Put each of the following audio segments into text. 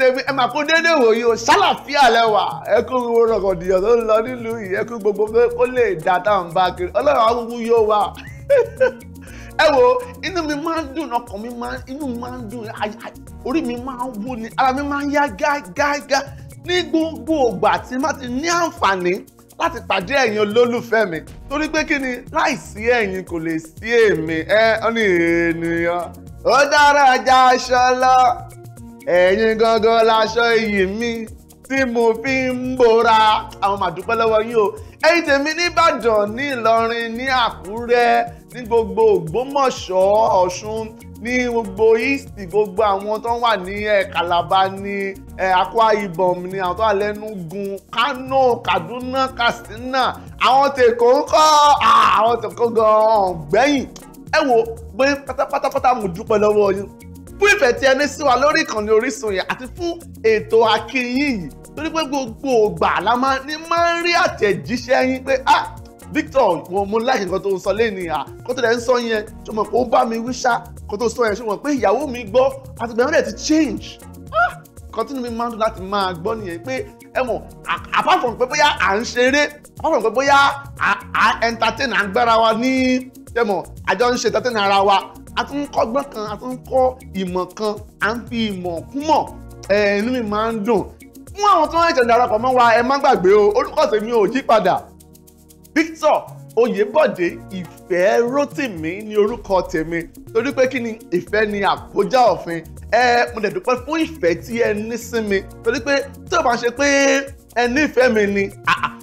tèmi ẹ máa kó déédéé wòye o ṣàlàfíà lẹ́wà ẹ kú gbogbo rọ̀kọ̀dìyàn tó ń lọ nílùú yìí ẹ kú gbogbo pé ó lè dá táwọn bá kiri ọlọ́run akúkú yóò wà ẹ wo inú mi máa ń dùn ọkàn mi máa ń inú mi máa ń dùn orí mi máa ń wú ni ara mi máa ń yá gágágá ní gbogbo ìgbà tí má ti ní àǹfààní láti pàdé ẹ̀yin olólùfẹ́ mi torí pé kí ni láìsí ẹ̀yin kò lè sí èmi ẹ ọ́nì ènìyàn ó dára já aṣọ lọ ẹ̀yin gangan laṣọ iyì mi tí mo fi ń bora àwọn màdúpẹ́ lọ́wọ́ yín o ẹ̀yin tèmi nìbàdàn ní ìlọrin ní àkúrẹ́ ní gbogbo ògbómọ̀ṣọ́ ọ̀ṣun ní gbogbo east gbogbo àwọn tó wà ní kàlàbà ní akwa ibom ní àwọn tó wà gun. kano kaduna katsina àwọn tèkó ń kọ́ àwọn tèkó gan-an gbẹ̀yìn ẹ wo pé pátápátápátá mo dúpẹ́ lọ́wọ́ yín fún ìfẹ́ tí ẹni sí wa lórí ìkànnì Orísun yẹn àti fún ètò akínyìn yìí torí pé gbogbo ògbà la máa ní máa ń rí àtẹ̀jíṣẹ́ yín pé ah Victor wọn mo láì nǹkan tó ń sọ lẹ́nu à kó tó lẹ́ ń sọ yẹn ṣé mo kò ń bá mi wíṣà kó tó sọ yẹn ṣé mo pé ìyàwó mi gbọ́ àti gbẹ̀mọ́ dẹ̀ ti change ah kan tínú mi máa ń dùn láti máa gbọ́ nìyẹn pé ẹ mọ̀ apart from pé bóyá à ń ṣeré apart from pé bóyá à ń entertain à ń gbára wa ní ẹ mọ̀ àjọ ń ṣe entertain ara wa a tún ń kọ́gbọ́n kan a tún ń kọ́ ìmọ̀ kan à ń fi ìmọ̀ kún mọ̀ inú mi máa ń dùn fún àwọn tí wọ́n ń ṣẹ̀dá darapọ̀ mọ́ wa ẹ má gbàgbé o orúkọ tèmi ò yí padà Victor Oyèbọ̀dé Ìfẹ́ Rótìmí ni orúkọ tèmi torí pé kí ni ìfẹ́ ni àkójá òfin ẹ mo dẹ̀ dúpẹ́ fún ìfẹ́ tí ẹ ní sí mi torí pé tí o bá ṣe pé ẹ nífẹ̀ẹ́ mi ni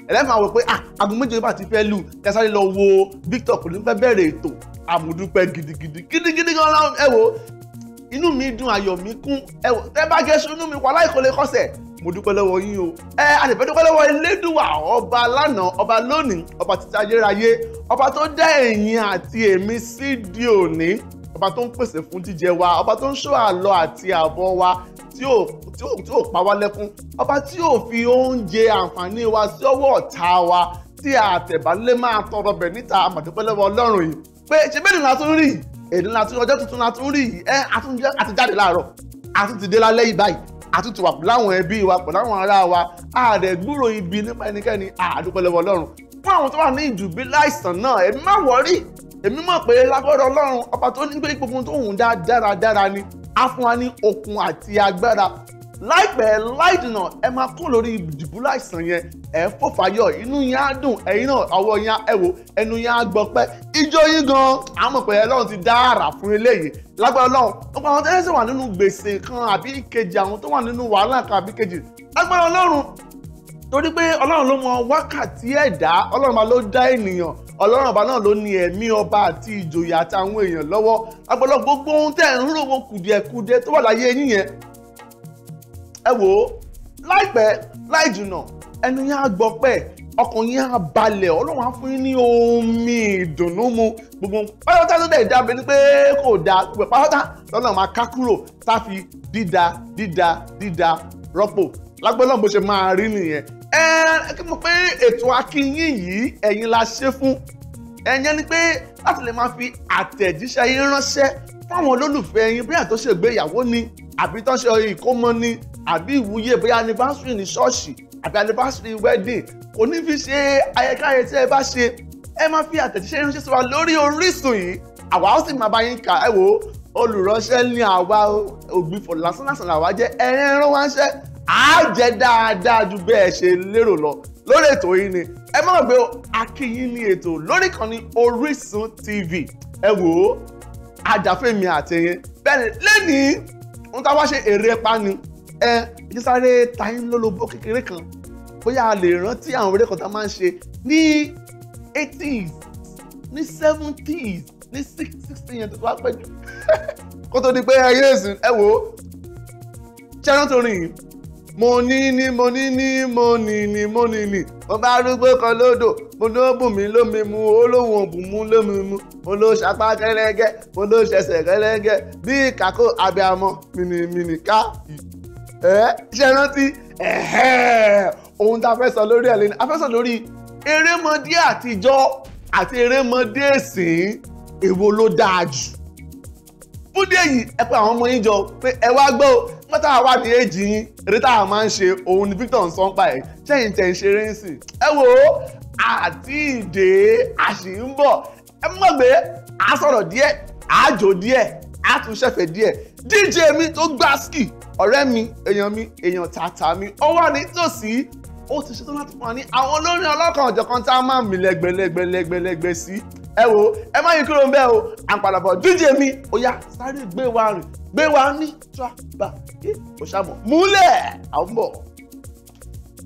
ẹlẹ́fọ̀n àwọ̀ pé aago méje bá ti fẹ́ lù kẹsàrí lọ wo Victor kò ní fẹ́ bẹ̀rẹ̀ ètò àmúdúpẹ́ gidigidi gidigidi gan lọ́wọ́ ẹ wo inú mi dùn ayọ̀ mi kún ẹ wo ẹ bá Jésù inú mi wà láìkó lè kọ́sẹ̀ mo dúpẹ́ lọ́wọ́ yín o ẹ àdìpẹ́ dúpẹ́ lọ́wọ́ elédùwà ọba lánàá ọba lónìí ọba títí ayérayé ọba tó dá ẹ̀yin àti èmi sí di òní ọba tó ń pèsè fún jíjẹ wa ọba tó ń ṣọ́ àlọ àti àbọ̀ wa tí ò tí ò tí ò pa wá lẹ́kún ọba tí ò fi oúnjẹ àǹfààní wa sí ọwọ́ ọ̀tá wa tí àtẹ̀bálé máa tọrọ bẹ̀ níta àmọ̀dúpẹ́ ọlọ́run yìí pé ṣe bẹ́ẹ̀ ni la tún rí èdè la tún ọjọ́ tuntun la tún rí ẹ àtúnjẹ àti jáde láàárọ̀ àtúntì dé lálẹ́ yìí báyìí àtúntì wà láwọn ẹbí wa pẹ̀lú àwọn ará wa ààrẹ gbúrò ibi nípa ẹnikẹ́ni àdúpẹ́ lọ́wọ́ Ọlọ́run fún àwọn tó wà ní ìdùbí láìsàn náà èmi má wọrí èmi mọ̀ pé lágbára Ọlọ́run ọba tó ní pé gbogbo tó hùn dáadára dára ni á fún wa ní okun àti agbára láìpẹ́ láìdùnà ẹ máa kún lórí ìdìbò àìsàn yẹn ẹ fò fàyọ inú yẹn á dùn ẹ̀yin náà ọwọ́ yẹn ẹ wò ẹnu yẹn á gbọpẹ́ ijó yín gan àmọ̀ pé Ọlọ́run ti dá àrà fún eléyìí lágbára Ọlọ́run gbogbo àwọn tẹ́lẹ̀ sì wà nínú gbèsè kan àbí ìkejì àwọn tó wà nínú wàhálà kan àbí ìkejì lágbára Ọlọ́run torí pé Ọlọ́run ló mọ wákàtí ẹ̀dá Ọlọ́run bá ló dá ènìyàn Ọlọ́run ọba náà ló ní ẹ̀mí ọba àti ìjòyè àtàwọn èèyàn lọ́wọ́ agbọ́dọ̀ gbogbo ohun tẹ̀ ń rò wọ́n kùdìẹ̀kudẹ tó wà láyé yín yẹn ẹ wò ó láìpẹ́ láì jùnà ẹnu yẹn á gbọ́ pẹ́ ọkàn yẹn á balẹ̀ ọlọ́run á fún yín ní omi ìdùnnú mu gbogbo pátápátá tó dẹ̀ dábẹ́ ni pé kò dáa gbogbo pátápátá lọ́nà máa ká kúrò tá a fi dídá dídá dídá rọ́pò lágbọ́dọ̀ bó ṣe máa rí nìyẹn ẹ ẹ kí mo pé ètò akínyìn yìí ẹ̀yin la ṣe fún ẹ̀yẹn ni pé láti lè máa fi àtẹ̀jíṣẹ́ yín ránṣẹ́ fáwọn olólùfẹ́ yín bí àtúnṣe ìgbéyàwó ni àbí tó ń ṣe ìkómọ ni àbí ìwúyè bóyá anniversary ní ṣọ́ọ̀ṣì àbí anniversary wedding onífi ṣe ayẹkáyẹ tí ẹ bá ṣe ẹ máa fi àtẹ̀jíṣẹ́ ránṣẹ́ sí wa lórí Orísun yìí àwa ó sì máa bá yín kà ẹ wò ó olùránṣẹ́ ní àwa ògbìfọ̀ lásánlásán làwa jẹ́ ẹ̀rẹ́ rán wáṣẹ́ á jẹ́ dáadáa ju bẹ́ẹ̀ ṣe lérò lọ lórí ètò yìí ni ẹ má gbé akínyìn ní ètò lórí ìkànnì Orísun TV ẹ wò ó àjàfẹ́mi àtẹ̀yìn bẹ́ẹ̀ ni lẹ́nìí ń tá wá ṣe èrè pa ni ẹ jísáré tayín lólobó kékeré kan bóyá a lè rántí àwọn eré kan tá a máa ń ṣe ní eighties ní seventies ní sixteen yẹn tó bá pẹ́ jù kó tó di pé ẹ yéé sùn ẹ wò ó ṣẹ́rán tó rìn mo ní ní mo ní ní mo ní ní mo ní ní mo bá rúgbó kan lódò mo ló bùn mí lómi mu olóhùn òbùn mú lómi mu mo ló ṣapá kẹlẹgẹ mo ló ṣẹṣẹ kẹlẹgẹ bí kàkó abiyamọ mìnìmìnì ká ẹ ṣe rántí ohun tá a fẹ́ sọ lórí ẹ̀ lẹ́nu a fẹ́ sọ lórí erémọdé àtijọ́ àti erémọdé ìsìn èwo ló dáa jù fúdí èyí ẹ pé àwọn ọmọ yín jọ pé ẹ wá gbọ́ mọ́tà wà ní èjì yín eré tá a máa ń ṣe òun ni Victor ń sọ́n pa ẹ̀ ṣẹ́yìn tẹ̀ ń ṣeré ń sìn ẹ wò ó àti ìdè àṣì ń bọ̀ ẹ mọ̀ pé a sọ̀rọ̀ díẹ̀ àjò díẹ̀ a díẹ̀ dj mi tó gbá ski ọ̀rẹ́ mi èèyàn mi èèyàn tààtà mi ó wà nítòsí ó ti ṣetán láti fún wa ní àwọn olórin ọlọ́kan ọ̀jọ̀kan tá a máa mì lẹ́gbẹ̀lẹ́gbẹ̀lẹ́gbẹ̀ sí ẹ wo ẹ má yí kúrò ń bẹ̀ o à ń padà bọ̀ dj mi ó yá sáré gbé wa rìn gbé wa ní tíwá bá yé kò ṣàmọ̀ múlẹ̀ à bọ̀.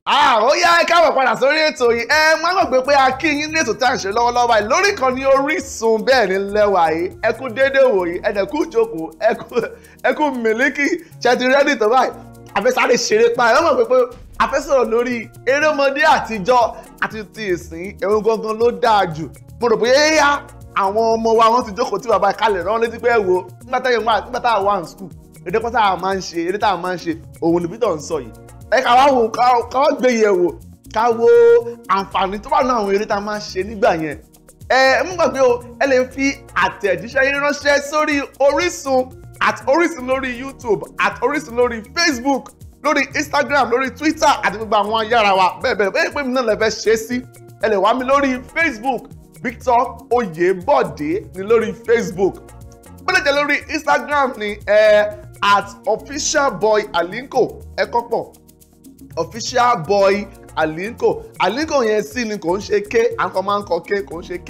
Ah, ó yá ẹ káwọ̀ padà sórí ètò yìí ẹ má gbàgbé pé a kí yín ní ètò tá à ń ṣe lọ́wọ́lọ́wọ́ yìí lórí kan ní Orísun bẹ́ẹ̀ ni lẹ́wà yìí ẹ kú déédéé wò yìí ẹ̀dẹ̀ kú jókòó ẹ kú mílíkì ṣẹ́tì rẹ́dì tó báyìí àfẹsáré ṣeré pa ẹ mọ̀ pé àfẹsọ̀rọ̀ lórí erémọdé àtijọ́ àti ti ìsìn ẹ̀hún gangan ló dáa jù mo rò bóyá yá àwọn ọmọ wa wọn ti jókòó tí bàbá ìkàlẹ̀ rán létí pé ẹ wo nígbà táwọn wà ní school èdè pátá àwọn máa ń ṣe èdè táwọn máa ń ṣe òun nìbí tó ń sọ yìí ẹ ká wá wò ká wá gbé yẹ̀ wò ká wo àǹfààní tó wà nínú àwọn eré tá a máa ń ṣe nígbà yẹn ẹ mú gbàgbé o ẹ lè fi àtẹ̀jíṣẹ́ yín ránṣẹ́ sórí Orísun at Orísun lórí YouTube at Orísun lórí Facebook lórí Instagram lórí Twitter àti gbogbo àwọn ayára wa bẹ́ẹ̀ bẹ́ẹ̀ bẹ́ẹ̀ pé mi náà lè fẹ́ ṣe é sí ẹ lè wá mi lórí Facebook Victor Oyèbọ̀dé ni lórí Facebook gbọ́dọ̀ jẹ́ lórí Instagram ni ẹ at officialboyalinko ẹ kọ́ pọ̀ official boy alinko alinko yẹn sí ni kò ń ṣe k àǹkọ máa ń kọ k kò ń ṣe k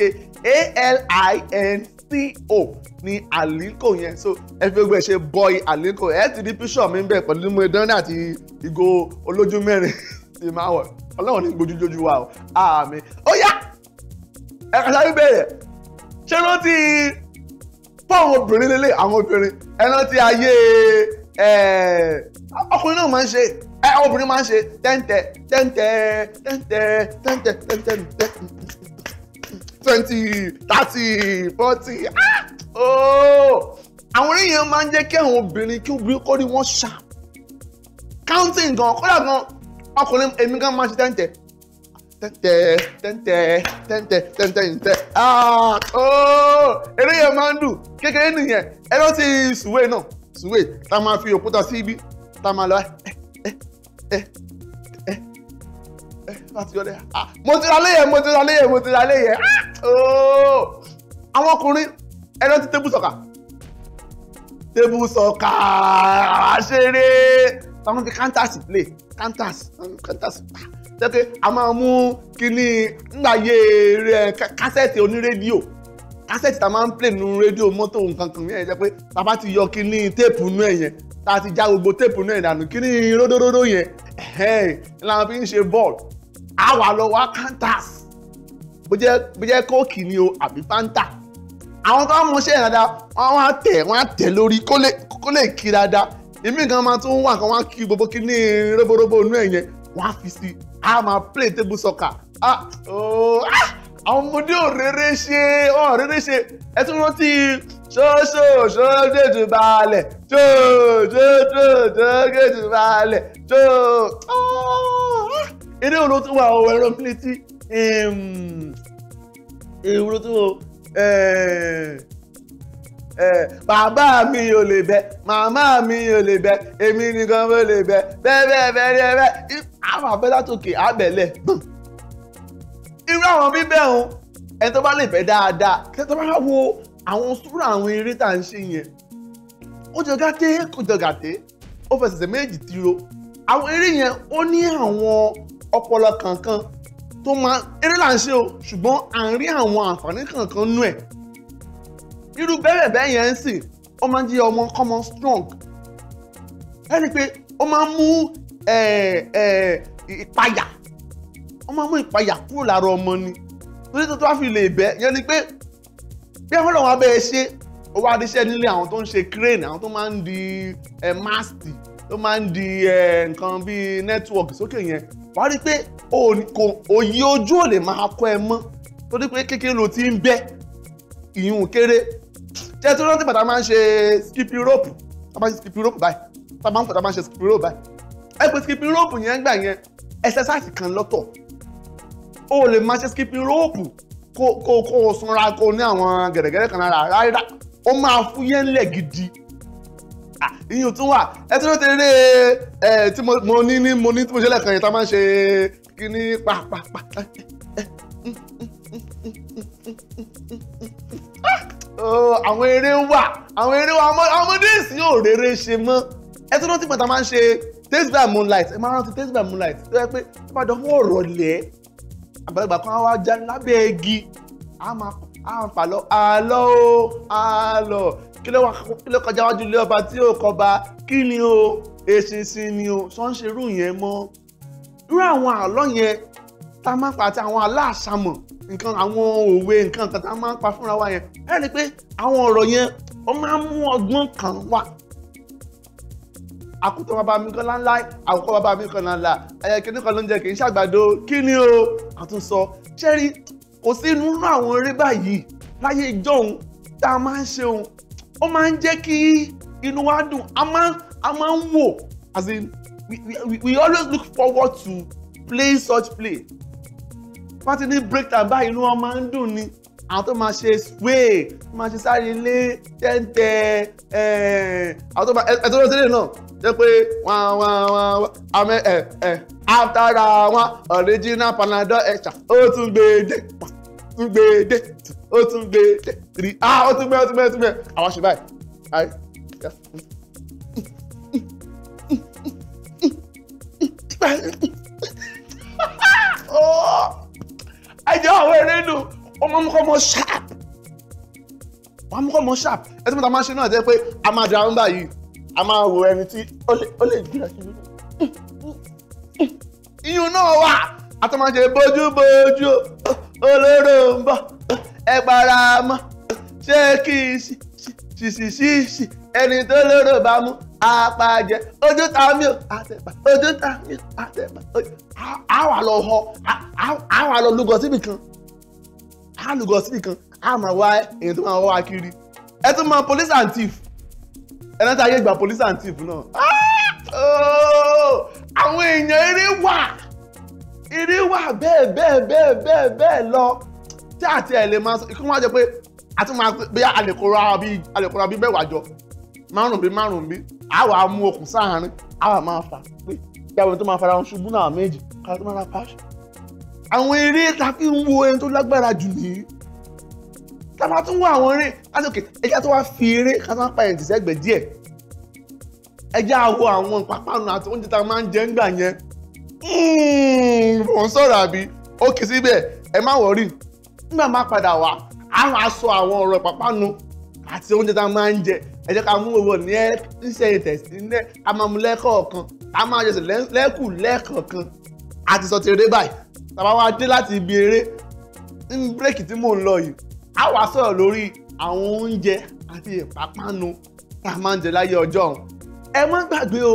a ni alinko yẹn so ẹ fi gbẹ ṣe boy alinko ẹ ti di píṣọ mi bẹ pẹ̀lú mo dání àti ìgò olójú mẹ́rin ti máa wọ Ọlọ́run ní gbójújójú wa o àmì ó yá ẹ kà sáré bẹ̀rẹ̀ ṣé rántí fáwọn obìnrin lélẹ̀ àwọn obìnrin ẹ rántí ayé ọkùnrin náà máa ń ṣe àwọn obìnrin máa ń ṣe tẹ́ǹtẹ́ tẹ́ǹtẹ́ tẹ́ǹtẹ́ tẹ́ǹtẹ́ tẹ́ǹtẹ́ twenty thirty forty ah! oh! àwọn orin yẹn máa ń jẹ́ kí àwọn obìnrin kí obìnrin kó rí wọ́n ṣá counting gan kódà gan ọkùnrin èmi gan máa ń ṣe tẹ́ǹtẹ́ tẹ́ǹtẹ́ tẹ́ǹtẹ́ tẹ́ǹtẹ́ tẹ́ǹtẹ́ tẹ́ǹtẹ́ ah! oh! eré yẹn máa ń dùn kékeré nìyẹn ẹ lọ sí sùwé náà sùwé tá a máa fi òkúta sí ibi tá a máa lọ báyìí ẹ ẹ ẹ láti ọdẹ ah mo ti ra léyẹ mo ti ra léyẹ mo ti ra léyẹ ah ooo oh. àwọn ọkùnrin ẹni ti tébù sọ̀kà tébù sọ̀kà àṣeré táwọn fi counters play counters counters tẹ́kẹ́ ah, a máa mú kíní ńgbàyé rẹ̀ eh, kásẹ̀tì onírédíò kásẹ̀tì tá a máa ń play nínú rédíò mọ́tò nǹkan kan yẹn jẹ́ pé bàbá ti yọ kíní téèpù nú ẹ̀ tá a ti já gbogbo téèpù náà ìdànù kí ni ródóródó yẹn làwọn fi ń ṣe bọ́ọ̀lù á wà lọ wá counters bó jẹ́ bó jẹ́ kóòkì ni o àbí fanta àwọn tó ń mọṣẹ́ dáadáa wọ́n á tẹ̀ wọ́n á tẹ̀ lórí kó lè kí dáadáa ìmí kan máa tún wà kan wọ́n á kí gbogbo kí ní róbóróbó inú ẹ̀ yẹn wọ́n á fi sí i á máa play table soccer á ooo oh, ah, àwọn ọmọdé ò rere ṣe ò rere ṣe ẹ tún rántí ṣóṣó ṣóṣètò balẹ̀ tó tó tó tó ṣètò balẹ̀ tó. eré ah. wo ló tún wà ọ̀rọ̀ ẹ̀rọ mi létí eré wo ló tún wà eh, eh, bàbá mi ò lè bẹ màmá mi ò lè bẹ èmi nìkan mo lè bẹ bẹ́ẹ̀ bẹ́ẹ̀ bẹ́ẹ̀ bẹ́ẹ̀ àwọn abẹ́látòkè àbẹ̀lẹ̀ irú àwọn bíbẹ̀ òun ẹni tó bá lè bẹ dáadáa kí ẹ tó bá wo àwọn súrà àwọn eré tá à ń ṣe yẹn ó jọ gàté kò jọ gàté ó fẹsẹ̀sẹ̀ méjì tiro àwọn eré yẹn ó ní àwọn ọpọlọ kankan tó máa eré là ń ṣe o ṣùgbọ́n à ń rí àwọn àǹfààní kankan nú ẹ̀ irú bẹ́ẹ̀ bẹ́ẹ̀ yẹn ń sìn ó máa ń jẹ́ ọmọ kọ́mọ strong ẹ pé ó máa ń mú ìpayà ó máa ń mú ìpayà kúrò lára ọmọ ni torí tó tó wá fi lè bẹ́ yẹn ni pé bí ẹ̀fọ́ lọ́wọ́ abẹ́ ẹ ṣe ó wá díṣẹ́ nílé àwọn tó ń ṣe crane àwọn tó máa ń di mast tó máa ń di nǹkan bíi network sókè yẹn wàá rí i pé òye ojú ò lè máa kọ́ ẹ mọ́ torí pé kékeré ló ti ń bẹ́ ìyún kéré jẹ́ tó rántí bàtà máa ń ṣe skipping rope tá a máa ń ṣe skipping rope báyìí tá a máa ń bàtà máa ń ṣe skipping rope báyìí ẹ pé skipping rope yẹn gbà yẹn exercise kan lọ́tọ̀ o lè máa ṣe skipping rope kó kó kó o sanra kó o ní àwọn gẹ̀rẹ́gẹ̀rẹ́ kan lára rárá ó máa fúyẹ́ ńlẹ̀ gidi iyùn tún wà ẹ tí wọ́n ti rí ẹ tí mo ní ní mo ní tí mo ṣe lẹ́ẹ̀kan yìí tá a máa ń ṣe kíní pàápàá àwọn eré wà àwọn eré wà ọmọdé sì yóò ṣe mọ́ ẹ tí wọ́n ti pọ̀ tá a máa ń ṣe taste by moonlight ẹ máa rántí taste by moonlight tó yẹ pé ó bá dán mọ́ ọ̀rọ̀ lẹ́ẹ̀ àgbàlagbà kan wá já lábẹ́ igi á máa á fà lọ àlọ́ o àlọ́ kí ló kọjá wájú ilé ọba tí yóò kọba kí ni o eṣinṣin ni o sọ́nṣerú yẹn mọ́ irú àwọn àlọ́ yẹn tá a máa pa àti àwọn aláàṣàmọ̀ nǹkan àwọn òwe nǹkan kan tá a máa ń pa fúnra wa yẹn ẹ rí pé àwọn ọ̀rọ̀ yẹn ó máa ń mú ọgbọ́n kan wá àkútọ̀ bàbá mi kan láńlá àkùkọ bàbá mi kan láńlá ẹ̀yẹ kìíní kan ló ń jẹ kì í ṣàgbàdo kí ni o àtún sọ ṣẹ́rí kò sí inú nínú àwọn eré báyìí láyé ìjọ́un tá a máa ń ṣe òun ó máa ń jẹ́ kí inú wa dùn a máa ń wò as in we, we, we always look forward to play such play pátí ní break time báyìí inú wa máa ń dùn ni àwọn tó máa ṣe sway tó máa ṣe sáré ilé tẹ́ntẹ́ ẹ̀ẹ́d àwọn tó máa ẹ̀ tó lọ sílẹ̀ náà jẹ́ pé wọ́n wọ́n wọ́n àmì ẹ̀ ẹ̀ àtàrà wọn original panadol extra ó tún gbé dé tún gbé dé ó tún gbé dé rí ah ó tún gbé ó tún gbé ó tún gbé àwọn ṣe báyìí ayi ẹjọ́ àwọn eré nù ọmọ mú kọ́ mọ́ sharp wọ́n mú kọ́ mọ́ sharp ẹ tí mo ta máa ṣe náà jẹ́ pé a máa dra ń báyìí a máa wo ẹni tí ó lè jìnnà sí i. iyún náà wà àtọ́mọ̀ṣe bójúbójú olóró ń bọ̀ ẹ para mọ́ ṣé kí n sì sì sì sì ẹni tó lóró bá mú apàjẹ ojú ta mi ò àtẹ̀pà ojú ta mi ò àtẹ̀pà á wà lọ họ á wà lọ lúgọ síbì kan á lúgọ síbì kan á máa wá ẹni tó máa wá kiri ẹ tún mọ police and thief ẹ̀rẹ́ta ayé gba police and thief náà ah! oh! àwọn èèyàn eré wà eré wà bẹ́ẹ̀ bẹ́ẹ̀ bẹ́ẹ̀ bẹ́ẹ̀ bẹ́ẹ̀ lọ tí àti ẹ̀ lè máa sọ kí wọ́n jẹ pé àti máa bí alèkora bí bẹ́ẹ̀ wà jọ márùn bí márùn bí àwa mú okùn sáàárín àwa máa fà pé ìyàwó tó máa fara wọn ṣubú náà méjì kára tó máa ra pàṣẹ. àwọn eré ta ń wo ẹni tó lágbára jù nìyí tá a máa tún wá àwọn eré láti òkè ẹja tó wá fi eré ká tó wá pa ẹ̀ǹtì sẹ́gbẹ̀ẹ́ díẹ̀ ẹja wo àwọn ìpápánu àti oúnjẹ tá a máa ń jẹ ńgbà yẹn mò hmm, ń sọ̀rọ̀ àbí ó kì í síbẹ̀ ẹ má wọ̀rí nígbà máa padà wá a máa sọ àwọn ọ̀rọ̀ ìpápánu àti oúnjẹ tá a máa ń jẹ ẹ jẹ́ ká mú owó ní ẹ ṣiṣẹ́ ìtẹ̀sí ní ẹ a máa mú lẹ́kọ̀ọ̀kan a máa àti sọ báyìí tàbá wa dé láti ibi eré ní bírèkì tí mò ń lọ yìí a wá sọ̀rọ̀ lórí àwọn oúnjẹ àti ìpápánu tá a máa ń jẹ láyé ọjọ́ ọ̀hún ẹ má gbàgbé o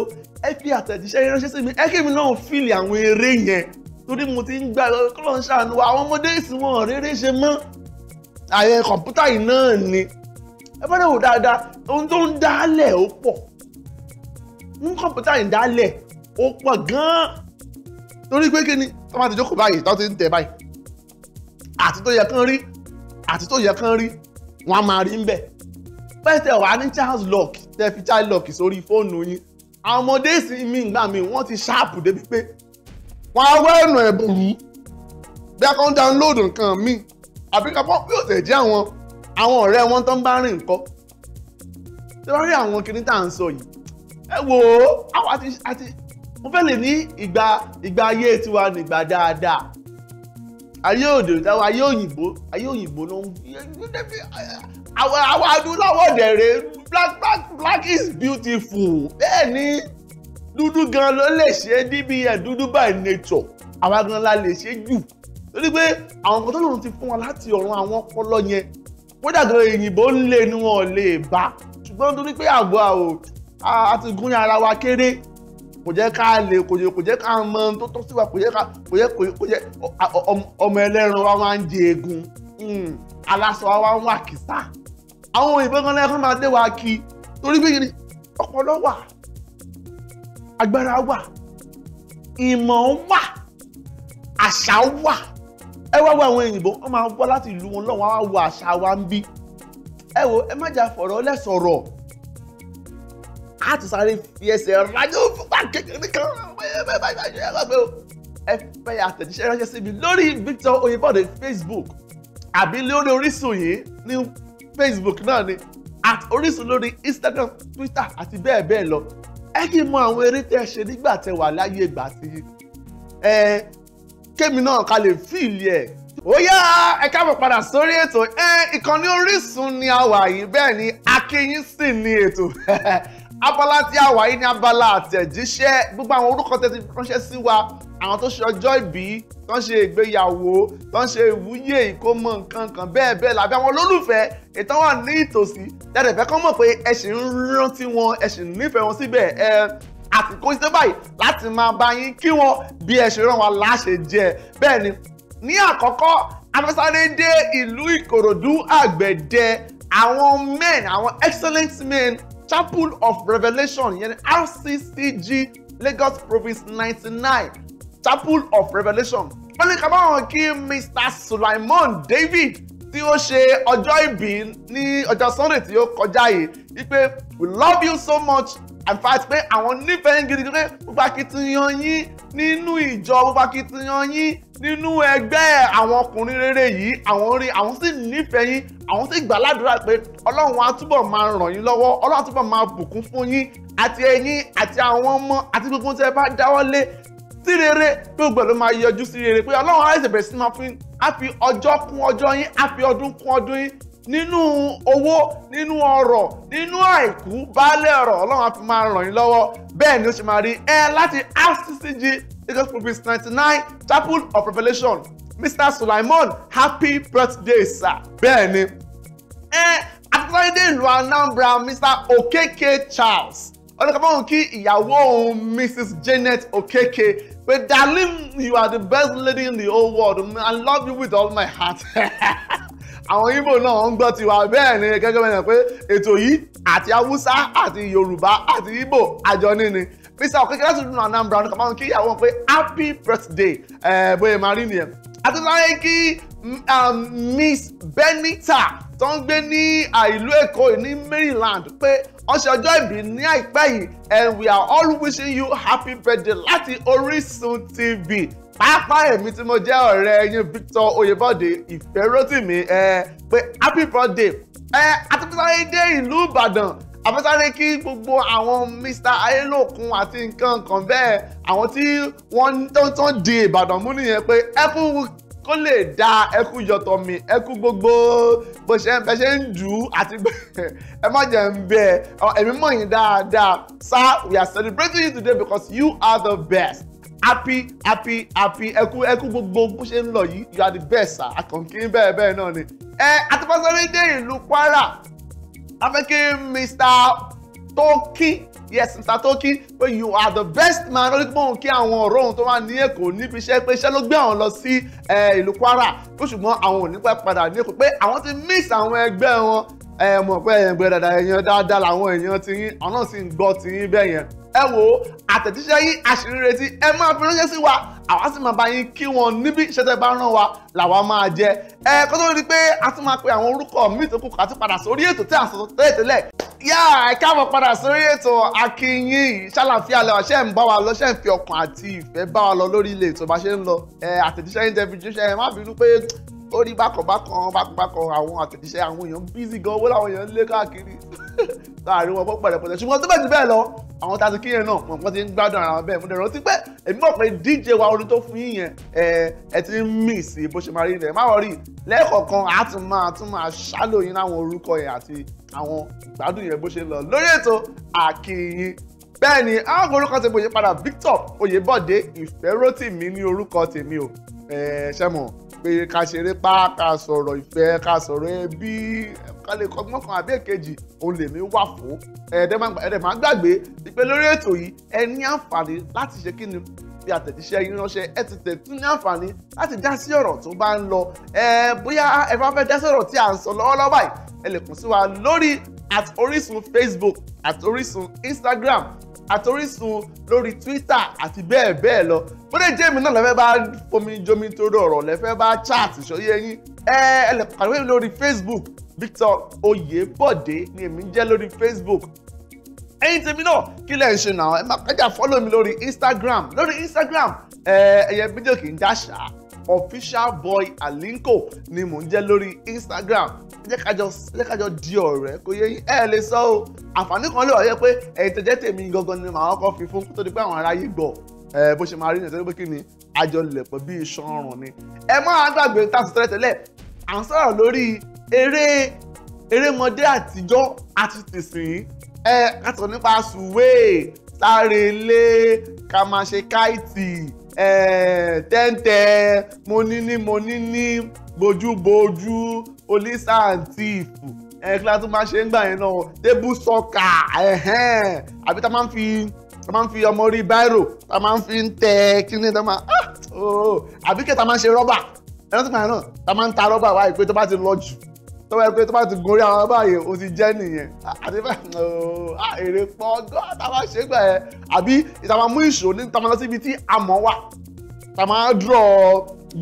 ẹ fi àtẹ̀jíṣẹ́ ránṣẹ́ sí mi ẹ kí mi náà fìlì àwọn eré yẹn torí mo ti ń gbà lọ kọ́lọ́ ń ṣàánú àwọn ọmọdé ìsìn wọn rere ṣe mọ́ àyè kọ̀ǹpútà yìí náà ni ẹ bá dẹ̀ wò dáadáa ohun tó ń dálẹ̀ ó pọ̀ ń kọ̀ǹpútà yìí dálẹ̀ ó pọ̀ gan-an torí pé kí ni tọ́mátì jókòó báyìí tọ́ ti ń tẹ̀ báyìí àti tó yẹ kán rí àti tó yẹ kán rí wọn á máa rí ń bẹ̀ bẹ́ẹ̀ tẹ̀ ní charles lock tẹ̀ fi charles lock sórí fóònù yín àwọn ọmọdé sì mí ìgbà mi wọ́n ti ṣáàpù débi pé wọ́n á wẹ́ẹ̀nù ẹ̀bùrú bí a kàn ń download nǹkan mi àbí ká pọ́n pé ò tẹ̀ jẹ́ àwọn àwọn ọ̀rẹ́ wọn tó ń bá rìn nǹkan tí wọ́n rí àwọn kinní tá à ń sọ yìí ẹ wò ó àwọn àti mo fẹ́ lè ní ìgbà ìgbà ayé tiwa nígbà dáadáa ayé òde ìdáwọ ayé òyìnbó ayé òyìnbó ló ń àwọn àwọn adúláwọ̀ dẹ̀rẹ̀ black black black is beautiful bẹ́ẹ̀ ni dúdú gan ló lè ṣe dbn dúdú by nature àwa gan la lè ṣe jù torí pé àwọn kan tó lòun ti fún wa láti ọ̀run àwọn ọpọlọ yẹn kódà gan òyìnbó ń lé ni wọn ò lè bá ṣùgbọ́n torí pé àgọ́ àti gúnyàn ara wa kéré kò jẹ́ ká lè kò jẹ́ kò jẹ́ ká mọ ohun tó tọ́ sí wa kò jẹ́ ká kò jẹ́ kò jẹ́ ọmọ ẹlẹ́ran wa máa ń jẹ eegun hmm, aláṣọ wa wá ń wà kìsà àwọn òyìnbó kan lẹ́yìn kan máa dé wa kí torí bí kìíní ọpọlọ wà agbára wà ìmọ̀ wà àṣà wà ẹ wá wo àwọn òyìnbó wọn máa wá láti ìlú wọn lọ́wọ́ wọn á wo àṣà wa ń bí ẹ wo ẹ má jà fọ̀rọ̀ lẹ́sọ̀rọ̀ a tún sáré fi ẹsẹ̀ rájò fúnpá kékeré kan ẹ fẹ́ àtẹ̀jíṣẹ́ ránṣẹ́ sí mi lórí Victor Oyèbọ̀dé Facebook àbí lórí Orísun yìí ní Facebook náà ni at Orísun lórí Instagram Twitter àti bẹ́ẹ̀ bẹ́ẹ̀ lọ ẹ kì í mọ àwọn eré tẹ́ ẹ ṣe nígbà tẹ́ wà láyé ìgbà tí ẹ kémi náà ká lè fíìlì ẹ̀ ó yá ẹ káàbọ̀ padà sórí ètò ẹ ìkànnì Orísun ni a wà yìí bẹ́ẹ̀ ni akínyín sì ni ètò abala tí a yìí ní abala àtẹ̀jíṣẹ́ gbogbo àwọn orúkọ tẹ́tí ránṣẹ́ sí wa àwọn tó ṣe ọjọ́ ìbí tó ń ṣe ìgbéyàwó tó ń ṣe ìwúyè ìkómọ nǹkan kan bẹ́ẹ̀ bẹ́ẹ̀ làbí àwọn olólùfẹ́ ìtàn wà ní ìtòsí tẹ̀lẹ̀fẹ́ kan mọ̀ pé ẹ sì ń rántí wọn ẹ sì nífẹ̀ẹ́ wọn síbẹ̀ ẹ àsìkò iṣẹ́ báyìí láti máa bá yín kí wọn bí ẹ ṣe rán wa láṣẹ jẹ bẹ́ẹ̀ ni ní àkọ́kọ́ afẹ́sáré dé ìlú Ìkòròdú àgbẹ̀dẹ àwọn men àwọn excellent men chapel of revelation yẹn rccg lagos province ninety nine chapel of revelation wọ́n ní kábàáwọn kí mr sulaimon david tí ó ṣe ọjọ́ ìbí ní ọjọ́ sunday tí ó kọjá yìí wípé we love you so much àǹfààní pé àwọn nífẹ̀ẹ́ gidi pé gbogbo akitiyan yín nínú ìjọ gbogbo akitiyan yín nínú ẹgbẹ́ àwọn ọkùnrin rere yìí àwọn rí àwọn sì nífẹ̀ẹ́ yín àwọn sì gbàládùra pé ọlọ́run á túbọ̀ máa ràn yín lọ́wọ́ ọlọ́run á túbọ̀ máa bùkún fún yín àti ẹ̀yin àti àwọn ọmọ àti gbogbo tí ẹ bá dáwọ́lé sí rere pé gbogbo ẹ̀ ló máa yọjú sí rere pé ọlọ́run á ṣẹ̀bẹ̀rẹ̀ sí máa fi á fi ọjọ́ kún ọjọ́ yín á fi ọdún kún ọdún yín nínú owó nínú ọrọ̀ nínú àìkú baálé ọrọ̀ ọlọ́run á fi máa ràn yín lọ́wọ́ bẹ́ẹ̀ ni ó ṣe máa rí ẹ láti RCCG Lagos Province ninety nine Chapel of Revelation Mr Sulaimon, happy birthday sir bẹ́ẹ̀ ni ẹ akíntayédé ìlú Anambra Mr Okeke Charles ọlọ́kàbọ̀n kí ìyàwó òun Mrs Janet Okeke pé darling you are the best lady in the whole world and I love you with all my heart. àwọn Ìgbò náà ń gbọ́ tiwa bẹ́ẹ̀ ni gẹ́gẹ́ bẹ́ẹ̀ pé ètò yìí àti Haúsá àti Yorùbá àti Ìgbò àjọ níní Mr. Okeke láti dùn Anambra ní kàmáwọn kí ìyàwó pé happy birthday bóyá máa rí nìyẹn àti láyé kí um, Miss Benita tó ń gbé ní ìlú Èkó ní Maryland pé ọ̀sẹ̀ ọjọ́ ìbí ní àìpẹ́ yìí and we are all wishing you happy birthday láti Orísun TV pàápàá èmi tí mo jẹ́ ọ̀rẹ́ yín Victor Oyèbọ̀dé Ìfẹ́rótìmí ẹ pé happy birthday ẹ atẹ́tẹ́sáré dé ìlú Ìbàdàn àfẹ́sáré kí gbogbo àwọn Mr Ayélòkun àti nǹkan kan bẹ́ẹ̀ àwọn tí wọ́n tán di Ìbàdàn mú nìyẹn pé ẹ kú kó lè da ẹkú yọtọ̀ mi ẹkú gbogbo bó ṣe bẹ ṣe ń dù ú àti ẹ má jẹ́ ń bẹ ẹ ẹ̀mí mọ̀ yín dáadáa sir we are celebrating you today because you are the best happy happy happy ẹkú ẹkú gbogbo bó ṣe ń lọ yìí you are the best sir akànkí bẹ́ẹ̀ bẹ́ẹ̀ náà ni. ẹ àtúfàsọ́rí dé ìlú Kwara afẹ́kí Mr. Toki yes Mr. Toki pé you are the best man lórí pé òun kí àwọn ọ̀rọ̀ òun tó wà ní Èkó níbi iṣẹ́ pé iṣẹ́ ló gbé àwọn lọ sí ìlú Kwara tó ṣùgbọ́n àwọn ò ní pẹ́ padà ní Èkó pé àwọn ti miss àwọn ẹgbẹ́ wọn ẹ mọ̀ pé ẹ̀yẹ̀ngbẹ́ dáadáa ẹ̀yẹn dáadáa làwọn èèyàn ti yín àwọn náà sì ń gbọ́ ti yín bẹ́ẹ̀ yẹn ẹ wò ó àtẹ̀jíṣẹ́ yín àṣírí retí ẹ máa fi ránṣẹ́ sí wa àwa sì máa bá yín kí wọn níbi ṣẹ́tẹ́ bá rán wa làwa máa jẹ ẹ kó tó di pé a tún máa pe àwọn orúkọ míì tó kù àti padà sórí ètò tí à ń sọ tẹ́lẹ̀tẹ́lẹ̀ yá ẹ káàbọ̀ padà sórí ètò akínyìn ṣàlàfíà lẹ́wà ṣẹ́ ń bá wa lọ ṣẹ́ ń fi ọkàn àti ìfẹ́ bá wa lọ lórí ilé ètò bá ṣe ń lọ ó rí bákanbákan bákanbákan àwọn àtẹ̀jíṣẹ́ àwọn èèyàn bísí gan owó làwọn èèyàn ń lé káàkiri láàrin wọn pọ̀ pẹ̀lẹ́pẹ̀lẹ́ ṣùgbọ́n tó bẹ̀ ti bẹ́ẹ̀ lọ àwọn tá a ti kíyẹn náà mọ̀ wọ́n ti ń gbádùn ara wọn bẹ́ẹ̀ mo dẹ̀ rántí pé èmi mọ̀ pé DJ wa orin tó fún yìnyẹn ẹ ẹ ti ń mix bó ṣe máa rí rẹ̀ má wọ́n rí lẹ́ẹ̀kọ̀ọ̀kan á tún máa tún máa ṣàlòyìn láwọn orúkọ yẹn àti àwọn ìgbádùn yẹn bó ṣe lọ lórí ètò àkìyìn bẹ́ẹ̀ ni àwọn orúkọ tèmi òye padà Victor Oyèbọ̀dé Ìfẹ́rótìmí ní orúkọ tèmi o ẹ ṣẹ́ mọ̀ pé ká ṣeré pa ká sọ̀rọ̀ ìfẹ́ ká sọ̀rọ̀ ẹbí ká lè kọ́gbọ́n kan àbí èkejì òun lèmi wà fún ẹ̀ẹ́dẹ̀ máa gbàgbé ìpè lórí ètò yìí ẹ ní àǹfààní láti ṣe kí ni fi àtẹ̀jíṣẹ́ yín ránṣẹ́ ẹ ti tẹ̀tún ní àǹfààní láti já sí ọ̀rọ̀ tó bá ń lọ ẹ bóyá ẹ bá fẹ́ já sí ọ̀rọ̀ tí à ń sọ lọ́wọ́lọ́wọ́ báyìí ẹ lè kàn sí wa lórí at Orísun Facebook at Orísun Instagram àtorísun lórí twitter àti bẹ́ẹ̀ bẹ́ẹ̀ lọ bóde jẹ́mi náà lẹ́fẹ́ bá fomi jomi torí ọ̀rọ̀ lẹ́fẹ́ bá chat ìṣòye yín ẹ ẹ lè pàdé lórí facebook victor oyèbọ̀dé ni èmi ń jẹ́ lórí facebook ẹ̀yin tèmi náà kí lẹ ń ṣe náà ẹ máa pẹ́jà fọ́lọ́ mi lórí instagram lórí instagram ẹ̀ẹ́dẹ́gbẹ́jọ́ kì í dáṣà official boy alinko ni mò ń jẹ́ lórí instagram jẹ́ kájọ jẹ́ kájọ di ọ̀rẹ́ kò yẹ yín ẹ lè sọ o àǹfààní kan lè yẹ pé ẹ̀yin tèmi gangan ni màá kọ́ fi fún kó tó di pé àwọn aráyé gbọ́ ẹ bó ṣe máa rí nítorí pé kí ni àjọlẹ̀pọ̀ bíi iṣan ọrùn ni ẹ máa gbàgbé tá a sọ tẹ́lẹ̀ tẹ́lẹ̀ à ń sọ̀rọ̀ lórí eré erémọdé àtijọ́ àti tìsín ẹ kàtọ̀ nípa sùwé sáré lé ká máa ṣe káìtì Eh, tẹ́ńtẹ́ mo ní ní mo ní ní bojúbojú onísàǹtìfù eh, kí la tún máa ṣe ń gbà yẹn náà tébù sọ́kà àbí tá a máa ń fi tá a máa ń fi ọmọ orí báírò tá máa ń fi ń tẹ kíní tá a máa ah, oh. àbí kẹta máa ṣe rọ́bà ẹ̀rọ tó yẹn náà tá máa ń ta rọ́bà wáyé pé tó bá ti lọ jù tó wáyé pé tó bá ti gorí àwọn báyìí o ti jẹ́ nìyẹn àti bẹ́ẹ̀ ooo èrè pọ̀ gan tá a máa ṣe gbà ẹ́ àbí tá a máa mú ìṣòro ní tá a máa lọ síbi tí àmọ́ wà tá a máa dúró